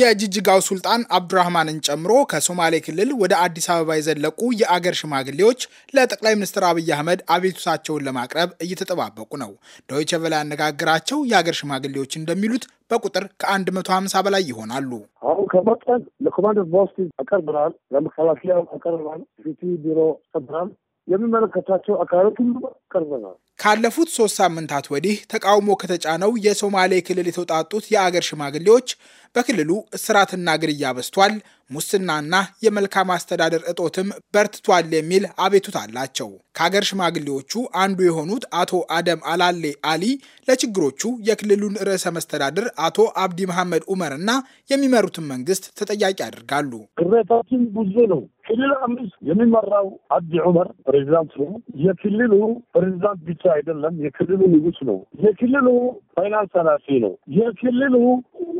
የጅጅጋው ሱልጣን አብዱራህማንን ጨምሮ ከሶማሌ ክልል ወደ አዲስ አበባ የዘለቁ የአገር ሽማግሌዎች ለጠቅላይ ሚኒስትር አብይ አህመድ አቤቱታቸውን ለማቅረብ እየተጠባበቁ ነው። ዶይቸ ቬለ ያነጋግራቸው የአገር ሽማግሌዎች እንደሚሉት በቁጥር ከ150 በላይ ይሆናሉ። አሁን ከመጠን ለኮማንደር ፖስት አቀርብናል፣ ለመከላከያ አቀርብናል፣ ቢሮ አቀርብናል የሚመለከታቸው አካሎች ሁሉ ቀርበናል። ካለፉት ሶስት ሳምንታት ወዲህ ተቃውሞ ከተጫነው የሶማሌ ክልል የተውጣጡት የአገር ሽማግሌዎች በክልሉ እስራትና ግድያ በስቷል። ሙስናና የመልካም አስተዳደር እጦትም በርትቷል የሚል አቤቱታ አላቸው። ከአገር ሽማግሌዎቹ አንዱ የሆኑት አቶ አደም አላሌ አሊ ለችግሮቹ የክልሉን ርዕሰ መስተዳድር አቶ አብዲ መሐመድ ኡመርና እና የሚመሩትን መንግስት ተጠያቂ አድርጋሉ። ቅሬታችን ብዙ ነው። ክልል አምስት የሚመራው አብዲ ዑመር ፕሬዚዳንት ነው። የክልሉ ፕሬዚዳንት ብቻ አይደለም፣ የክልሉ ንጉስ ነው። የክልሉ ፋይናንስ ኃላፊ ነው። የክልሉ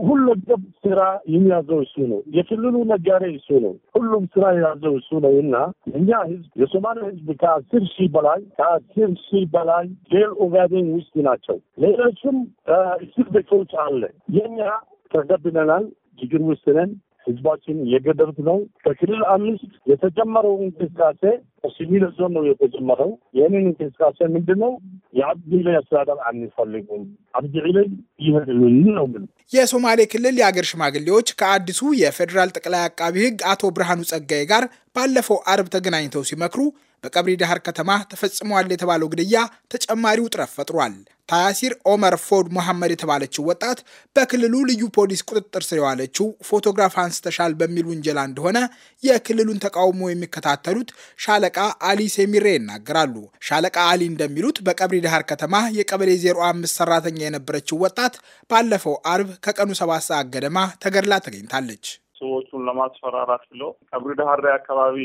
ሁለገብ ስራ የሚያዘው እሱ ነው። የክልሉ ነጋዴ እሱ ነው። ሁሉም ስራ የያዘው እሱ ነው እና እኛ ህዝብ የሶማሊያ ህዝብ ከአስር ሺህ በላይ ከአስር ሺህ በላይ ሌል ኦጋዴን ውስጥ ናቸው። ሌሎችም እስር ቤቶች አለ። የኛ ተገብነናል። ችግር ውስጥ ነን። ህዝባችን እየገደሉት ነው። በክልል አምስት የተጀመረው እንቅስቃሴ ሲቪል ዞን ነው የተጀመረው። ይህንን እንቅስቃሴ ምንድን ነው የአብዲ ላይ አስተዳደር አንፈልጉም፣ አብዲ ላይ ይሄድልን ነው ምን የሶማሌ ክልል የአገር ሽማግሌዎች ከአዲሱ የፌዴራል ጠቅላይ አቃቢ ሕግ አቶ ብርሃኑ ጸጋዬ ጋር ባለፈው አርብ ተገናኝተው ሲመክሩ በቀብሪ ዳህር ከተማ ተፈጽመዋል የተባለው ግድያ ተጨማሪ ውጥረት ፈጥሯል። ታያሲር ኦመር ፎድ መሐመድ የተባለችው ወጣት በክልሉ ልዩ ፖሊስ ቁጥጥር ስር የዋለችው ፎቶግራፍ አንስተሻል በሚል ውንጀላ እንደሆነ የክልሉን ተቃውሞ የሚከታተሉት ሻለቃ አሊ ሴሚሬ ይናገራሉ። ሻለቃ አሊ እንደሚሉት በቀብሪ ዳህር ከተማ የቀበሌ 05 ሰራተኛ የነበረችው ወጣት ባለፈው አርብ ከቀኑ ሰባት ሰዓት ገደማ ተገድላ ተገኝታለች። ሰዎቹን ለማስፈራራት ብለው ቀብሪ አካባቢ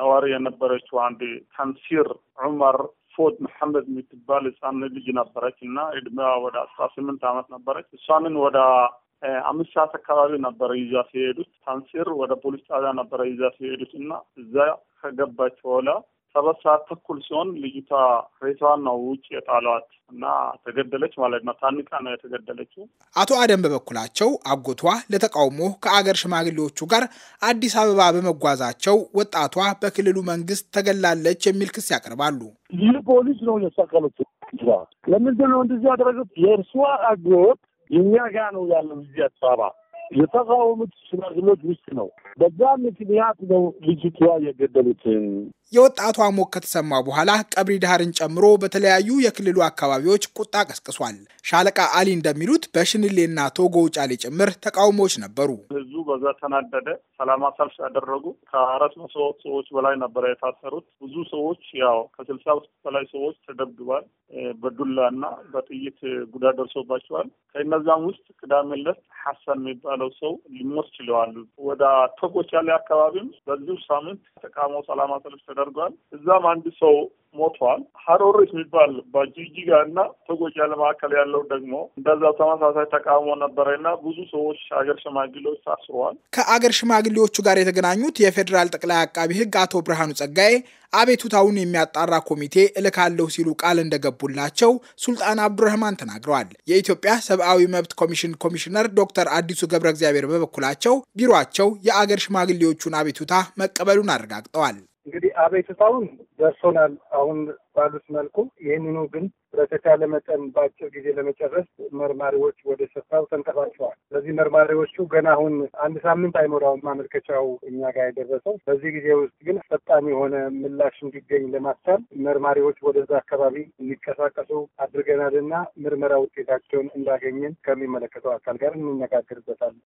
ነዋሪ የነበረችው አንድ ታንሲር ዑመር ፎድ መሐመድ የምትባል ህፃን ልጅ ነበረች እና እድሜዋ ወደ አስራ ስምንት ዓመት ነበረች። እሷንን ወደ አምስት ሰዓት አካባቢ ነበረ ይዛ ሲሄዱት ታንሲር ወደ ፖሊስ ጣቢያ ነበረ ይዛ ሲሄዱት እና እዛ ከገባች በኋላ ሰባት ሰዓት ተኩል ሲሆን ልጅቷ ሬሳዋን ነው ውጭ የጣሏት እና ተገደለች ማለት ነው። ታንቃ ነው የተገደለችው። አቶ አደም በበኩላቸው አጎቷ ለተቃውሞ ከአገር ሽማግሌዎቹ ጋር አዲስ አበባ በመጓዛቸው ወጣቷ በክልሉ መንግስት ተገላለች የሚል ክስ ያቀርባሉ። ይህ ፖሊስ ነው ያሳቀለችው። ለምንድን ነው እንደዚህ ያደረገት? የእርሷ አጎት የኛ ጋ ነው ያለው እዚህ አዲስ አበባ የተቃወሙት ሽማግሌዎች ውስጥ ነው። በዛ ምክንያት ነው ልጅቷ የገደሉትን የወጣቷ ሞት ከተሰማ በኋላ ቀብሪ ዳህርን ጨምሮ በተለያዩ የክልሉ አካባቢዎች ቁጣ ቀስቅሷል። ሻለቃ አሊ እንደሚሉት በሽንሌና ቶጎ ውጫሌ ጭምር ተቃውሞዎች ነበሩ። ህዝቡ በዛ ተናደደ። ሰላማዊ ሰልፍ ያደረጉ ከአራት መቶ ሰዎች በላይ ነበረ የታሰሩት። ብዙ ሰዎች ያው ከስልሳ ውስጥ በላይ ሰዎች ተደብድቧል። በዱላና በጥይት ጉዳት ደርሶባቸዋል። ከእነዛም ውስጥ ቅዳሜ ዕለት ሐሰን የሚባለው ሰው ሊሞት ችለዋል። ወደ ቶጎ ውጫሌ አካባቢም በዚሁ ሳምንት ተቃውሞ ሰላማዊ ሰልፍ ተደርጓል። እዛም አንድ ሰው ሞቷል። ሀሮሪስ የሚባል በጂጂጋ እና ተጎጂ ለመካከል ያለው ደግሞ እንደዛ ተመሳሳይ ተቃውሞ ነበረ እና ብዙ ሰዎች አገር ሽማግሌዎች ታስረዋል። ከአገር ሽማግሌዎቹ ጋር የተገናኙት የፌዴራል ጠቅላይ አቃቢ ሕግ አቶ ብርሃኑ ጸጋዬ አቤቱታውን የሚያጣራ ኮሚቴ እልካለሁ ሲሉ ቃል እንደገቡላቸው ሱልጣን አብዱረህማን ተናግረዋል። የኢትዮጵያ ሰብአዊ መብት ኮሚሽን ኮሚሽነር ዶክተር አዲሱ ገብረ እግዚአብሔር በበኩላቸው ቢሮቸው የአገር ሽማግሌዎቹን አቤቱታ መቀበሉን አረጋግጠዋል። እንግዲህ አቤቱታውን ደርሶናል። አሁን ባሉት መልኩ ይህንኑ ግን በተቻለ መጠን በአጭር ጊዜ ለመጨረስ መርማሪዎች ወደ ስፍራው ተንቀፋቸዋል። ስለዚህ መርማሪዎቹ ገና አሁን አንድ ሳምንት አይሞላውም ማመልከቻው እኛ ጋር የደረሰው። በዚህ ጊዜ ውስጥ ግን ፈጣን የሆነ ምላሽ እንዲገኝ ለማስቻል መርማሪዎች ወደዛ አካባቢ እንዲቀሳቀሱ አድርገናል እና ምርመራ ውጤታቸውን እንዳገኘን ከሚመለከተው አካል ጋር እንነጋገርበታለን።